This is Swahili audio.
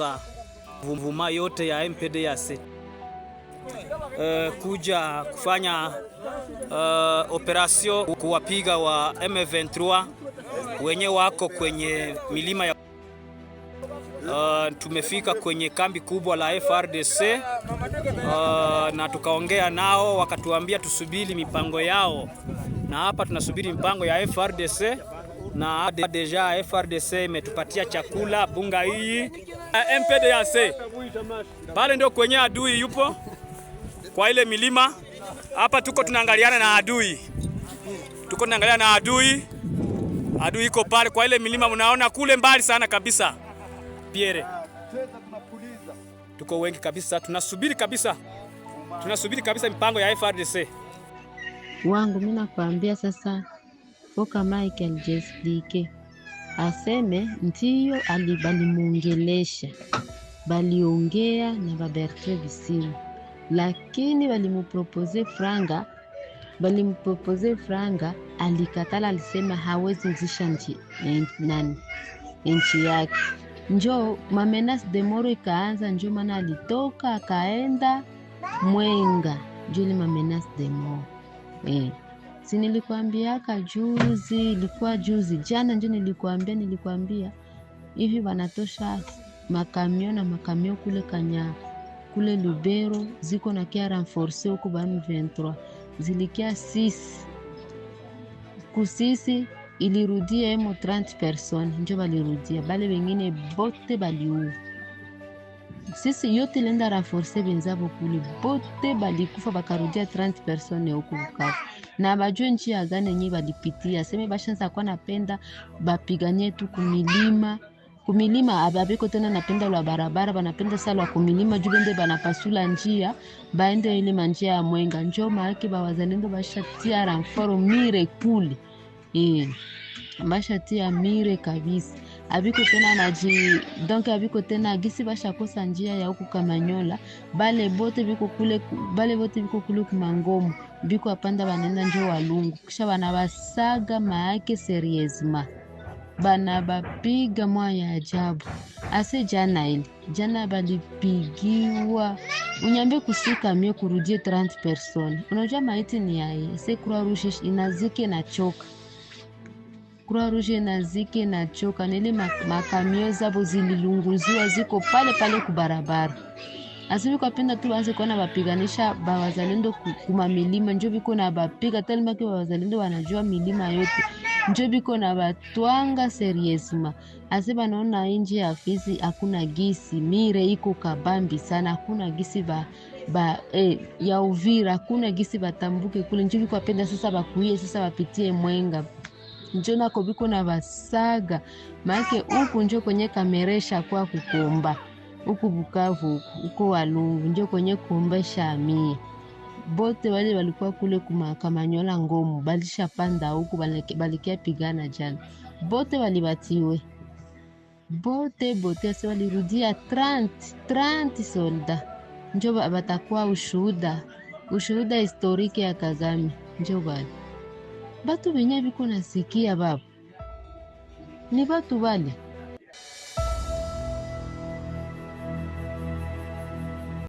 sasa vumvuma yote ya MPDAC uh, eh, kuja kufanya uh, eh, operasyon kuwapiga wa M23 wenye wako kwenye milima ya uh, tumefika kwenye kambi kubwa la FRDC uh, na tukaongea nao, wakatuambia tusubiri mipango yao, na hapa tunasubiri mipango ya FRDC na deja FRDC imetupatia chakula bunga hii Eh, MPDAC bale ndio kwenye adui yupo kwa ile milima hapa, tuko tunaangaliana na adui, tuko tunaangaliana na adui. Adui iko pale kwa ile milima, mnaona kule mbali sana kabisa Pierre. Tuko wengi kabisa, tunasubiri kabisa, tunasubiri kabisa mipango ya FRDC. Wangu mimi nakwambia sasa, oka Michael JSDK aseme ndiyo balimuongelesha, baliongea na Babertre Bisima, lakini balimupropoze franga, balimupropoze franga, alikatala, alisema hawezi nzisha nchi nani nchi yake njo mamenas de moro ikaanza, njo maana alitoka akaenda Mwenga, njo mamenase mamenas de moro eh si nilikwambiaka juzi, ilikuwa juzi jana njo nilikwambia, nilikwambia hivi wanatosha makamio na makamio kule Kanya kule Lubero ziko na kia renforce huko ba M23 zilikia sisi kusisi ilirudia emo 30 person njo balirudia, bale wengine bote baliua sisi yote lenda raforce benzavo kule bote balikufa bakarudia 30 persone huko Bukavu, na bajue njia ya gani yenyewe balipitia. Seme bashanza kwa napenda bapiganie tu kumilima kumilima ababeko tena napenda lwa barabara banapenda sa lwa kumilima juu bende banapasula njia baende ile manjia ya mwenga njo maake bawazalendo bashatia ramforo mire puli eh, e, bashatia mire kabisa aviko tena naji donc abiko tena gisi bashakosa njia ya huku Kamanyola, bale bote biko kule, bale bote biko kule kumangomo biko apanda banenda njo walungu, kisha bana basaga maake serieusement bana bapiga mwa ya ajabu ase jana ile jana balipigiwa unyambie kusika mie kurudie 30 person Unajua maiti ni yaye se Croix inazike na choka Croix Rouge na zike na choka nile makamio zabo zililunguziwa ziko pale pale kubarabara kapenda tu banze kuona bapiganisha bawazalendo kuma milima njo biko na bapiga talimaki bawazalendo wanajua milima yote njo biko na batwanga seriesma ase banaona nje ya Fizi hakuna gisi mire iko kabambi sana hakuna gisi ba, ba eh, ya Uvira hakuna gisi batambuke kule njo biko apenda sasa bakuie sasa bapitie mwenga njo nako na basaga make uku njo kwenye kameresha kwa kukumba uku Bukavu uku Walungu njo kwenye kuombesha amie bote wale walikuwa kule kumakamanyola ngomu balishapanda huku balikia pigana jana, bote walibatiwe bote bote, asi walirudia 30 30 solda njo batakuwa ushuhuda ushuhuda historiki ya Kagame njo bali batu venye biko nasikia babu ni batu bale